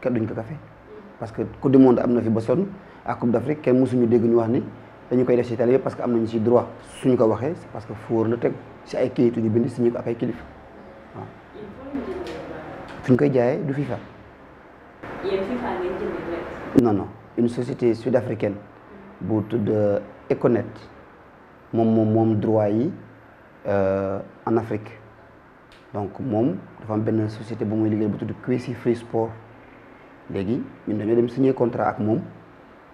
kenn duñ ko kafe parce que coupe du monde am na fi ba sonn ak coupe d'Afrique kenn mosuñu dégg ñu wax ni dañu koy def ci télé parce que am nañu ci droit suñu ko waxee c'est parce que fóor la teg ci ay kayitu ñu bind suñu ak ay kilifa waaw. koy jaayee du FIFA. yéen FIFA ngeen jënd non non une société sud-africaine bu de euh, Econet moom moom moom droit yi euh, en Afrique donc moom dafa am benn société bu muy liggéey bu tudd Crazy Free Sport. Nous ñun signé le signer contrat avec nous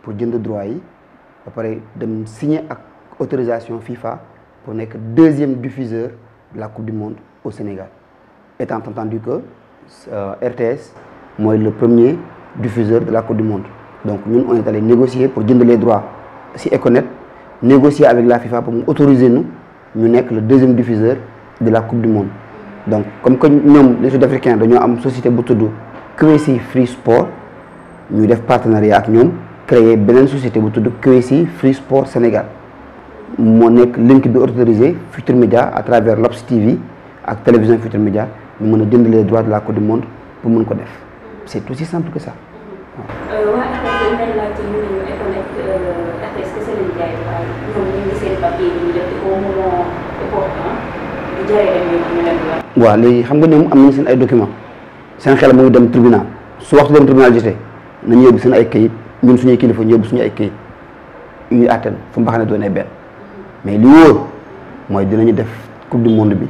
pour jënd droit droits nous avons signé l'autorisation autorisation FIFA pour le deuxième diffuseur de la coupe du monde au Sénégal étant entendu que euh, RTS est le premier diffuseur de la coupe du monde donc nous on est allé négocier pour jënd les droits si Econet négocier avec la FIFA pour nous autoriser nous nous être le deuxième diffuseur de la coupe du monde donc comme que les sud-africains à une société bu QSI Free Sport nous un partenariat avec nous créer une société de de QSI Free Sport Sénégal Nous l'une link est autorisé Futur à travers l'Obs TV et la télévision Futur Média nous avons donné les droits de la Côte du Monde pour nous le c'est aussi simple que ça. Oui, euh, euh, documents c'est xel mu ngi dem tribunal su waxtu tribunal nañu yóbbu seen ay kayit ñun suñuy kilifa suñu ay kayit fu mais li dinañu def coupe du monde bi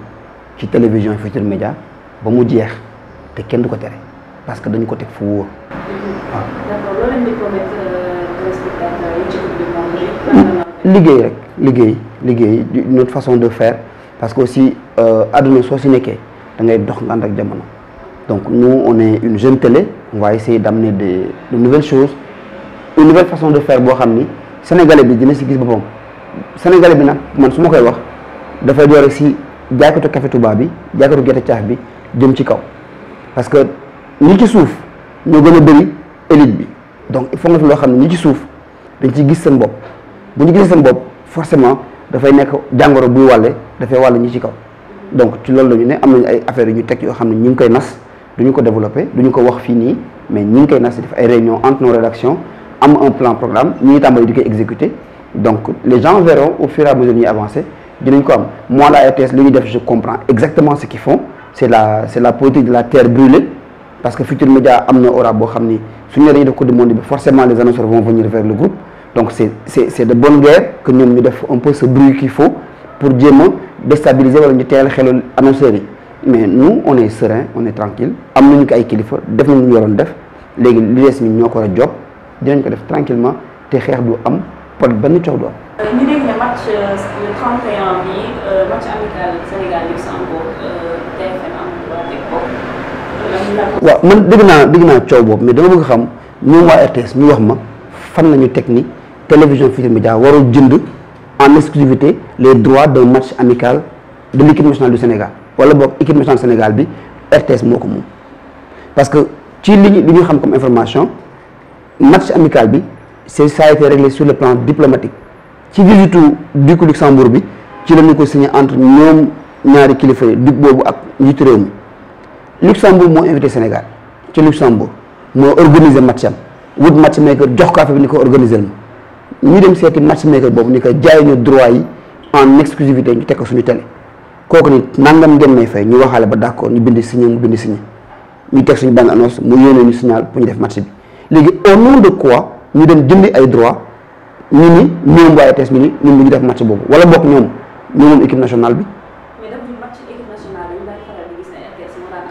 ci télévision futur Médias ba mu jeex te kenn du ko parce que dañu ko teg fu euh, façon de faire parce que aussi euh, da ngay dox donc nous, on est une jeune télé, on va essayer d'amener de, nouvelles choses, une nouvelle façon de faire boo xam ni sénégalais bi dina si gis boppam sénégalais bi nag man su ma koy wax dafay door si jaaykatu café Touba bi jaaykatu tu caaf bi jëm ci kaw parce que ni ci suuf ñoo gën a bëri élite bi donc il faut que fi loo xam ne ñi ci suuf dañ ci gis seen bopp bu ñu gisee seen bopp forcément dafay nekk jàngoro buy wàlle dafay wàll ni ci kaw donc ci l'as la ñu ne am nañu ay affaires yu ñu teg yoo koy nas nous avons ko développé nous avons fini, mais nous avons une réunion entre nos rédactions avons un plan programme nous avons exécuter donc les gens verront au fur et à mesure que avancer dinañ moi la RTS le je comprends exactement ce qu'ils font c'est la la politique de la terre brûlée parce que Futur Média médias aura boo Si ni suñu nee de monde forcément les annonceurs vont venir vers le groupe donc c'est de bonne guerre que nous devons faire un peu ce bruit qu'il faut pour déstabiliser wala annonceurs mais nous on est serein on est tranquille am ko ay kilifa def nañu def job tranquillement té xex du am pot euh, match euh, le 31 le euh, match amical Sénégal Luxembourg TFM am man mais dama bëgg xam RTS fan télévision jënd en exclusivité les droits d'un match amical de l'équipe nationale du Sénégal wala bok équipe nationale Sénégal bi RTS moko ko parce que ci li li ñu xam comme information match amical bi c'est ça a été réglé sur le plan diplomatique ci visitu duc Luxembourg bi ci la ko signé entre ñom ñaari kilifa yi duc bobu ak njiitu réew mi Luxembourg mo invité Sénégal ci Luxembourg mo organiser match am wut match maker jox kaafe fa ni ko organisé ma ñu dem séti match maker ni ko jaay ñu droit en exclusivité ñu tek ko suñu télé koku nit nangam gem may fay ñu waxale ba d'accord ñu bind signé ñu bind signé ñu tek suñu bande annonce mu yéne ñu signal pour ñu def match bi légui au nom de quoi ñu dem jëndi ay droit ñu ni ñoom waaye tees mi ni ñu ñu def match bobu wala ñom ñu ñoom équipe nationale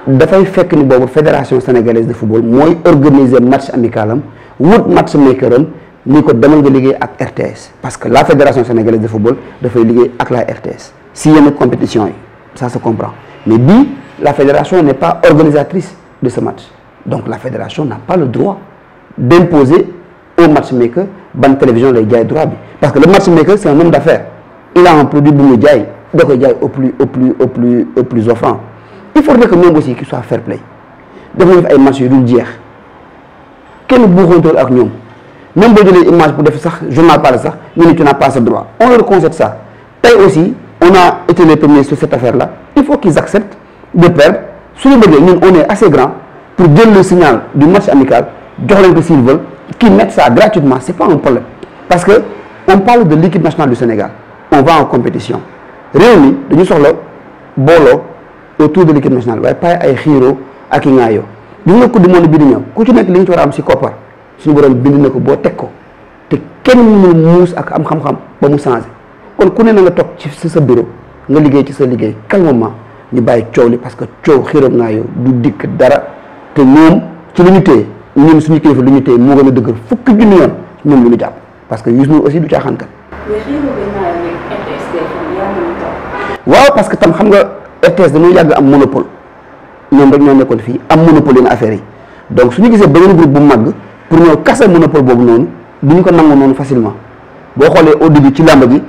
bi fay fekk ni bobu fédération sénégalaise de football moy organiser match amicalam wut match makeram ni ko demal nga liggéey ak RTS parce que la fédération sénégalaise de football fay liggéey ak la RTS si une compétition ça se comprend mais dit la fédération n'est pas organisatrice de ce match donc la fédération n'a pas le droit d'imposer au matchmaker la télévision les jaay droit parce que le matchmaker c'est un homme d'affaires il a un produit pour les jaay Donc au plus au plus au plus au plus offrant il faudrait que nous aussi qu'il soit fair play Donc nañu faire un match rudier. Que nous pouvons buuxantool ak même si jëlee image faire ça, je journal parle sax ñu ne tu n'as pas ce droit on reconnaît ça tey aussi on a été les premiers sur cette affaire-là, il faut qu'ils acceptent de perdre. Sur le on est assez grand pour donner le signal du match amical, que s'ils veulent, qu'ils mettent ça gratuitement. Ce n'est pas un problème. Parce que on parle de l'équipe nationale du Sénégal. On va en compétition. Réunis, nous sommes là, bolo, autour de l'équipe nationale. Pas à Hiro, à Kingayo. Nous avons beaucoup de monde qui Quand tu n'es que l'intuition, c'est copar. Si nous avons bien de nous, de copar. Tu es à de kon ku ne nga tok ci sa bureau nga liggéey ci sa liggéey calmement ñu bàyyi ciow li parce que ciow xiram na yow du dik dara te ñoom ci luñu ñu ñoom suñu kilifa luñu ñu mo moo gën a jinn fukki yoon ñoom luñu japp parce que yusnu aussi du caaxaan kat waaw parce que tam xam nga RTS dañu yag am monopole ñoom rek ñoo nekkon fi am monopole en affaire yi donc suñu gisee benen groupe bu mag pour ñoo kasse monopole bobu non buñ ko nangu non facilement bo xolé au début ci lamb bi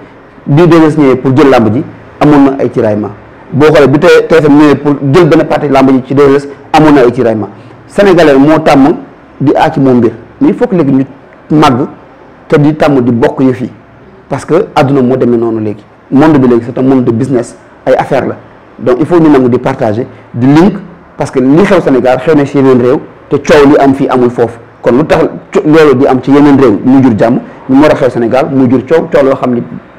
bii des ñëwee pour jël làmb ji amoon na ay tiraillement boo xoolee bi te te ñëwee pour jël benn partie làmb ji ci des amoon na ay ma sénégalais moo tàmm di aaci moom mbir mais il faut que léegi ñu màgg te di tàmm di bokk yëf yi parce que adduna moo demee noonu léegi monde bi léegi c'est un monde de business ay affaire la donc il faut ñu nangu di partager di link parce que li xew Sénégal xew na ci yeneen réew te coow li am fii amul foofu kon lu tax di am ci yeneen réew mu jur jàmm ñu mën a xew mu jur coow coow loo xam ni